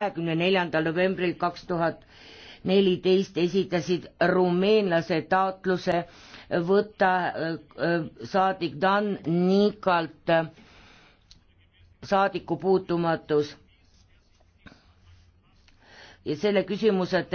kahekümne neljandal novembril kaks tuhat neliteist esitasid rumeenlase taotluse võtta äh, äh, saadik Dan Nikalt äh, saadiku puutumatus ja selle küsimuse